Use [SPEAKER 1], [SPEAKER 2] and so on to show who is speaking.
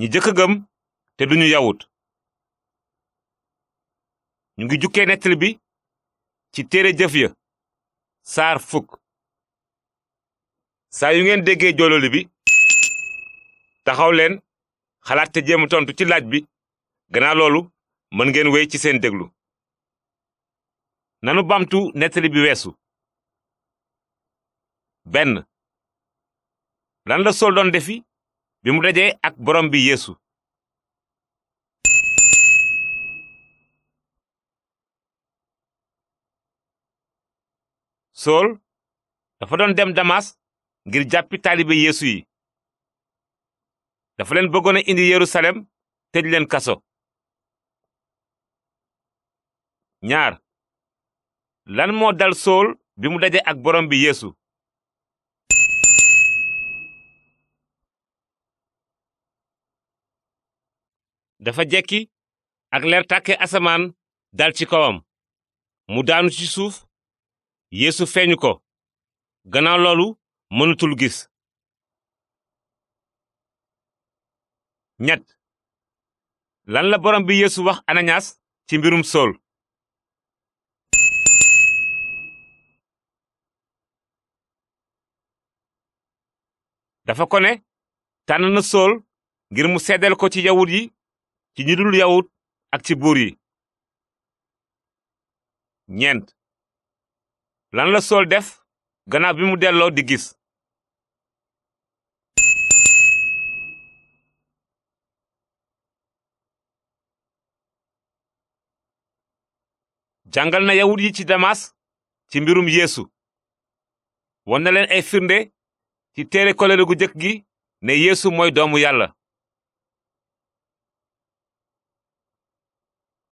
[SPEAKER 1] ñi jëkk gëm te duñu yawut ñu ngi jukkee nettali bi ci téere jëf ya saar fukk saa yu ngeen déggee joololi bi taxaw leen xalaat te jéem tontu ci laaj bi gannaaw loolu mën ngeen wéy ci seen déglu nanu bamtu nettali bi weesu benn lan la sol doon defi bi dajee ak borom bi yeesu sool dafa doon dem damas ngir jàppi taalibe yeesu yi dafa leen bëggoona a indi yerusalem tëj leen kaso ñaar lan moo dal sool bi mu dajee ak borom bi yéesu dafa jekki ak leer asamaan dal ci kawam mu daanu ci suuf yéesu feeñu ko gannaaw loolu mënatul gis ñett lan la borom bi yéesu wax anañas ci mbirum sool dafa kone ne tànn na sool ngir mu seddal ko ci yawut yi ci ñi dul ak ci buur yi. ñeent lan la sool def gannaaw bi mu delloo di gis. jàngal na yawut yi ci damas ci mbirum yéesu won na leen ay firnde ci tere kolere gu jëkk gi ne yéesu mooy doomu yàlla.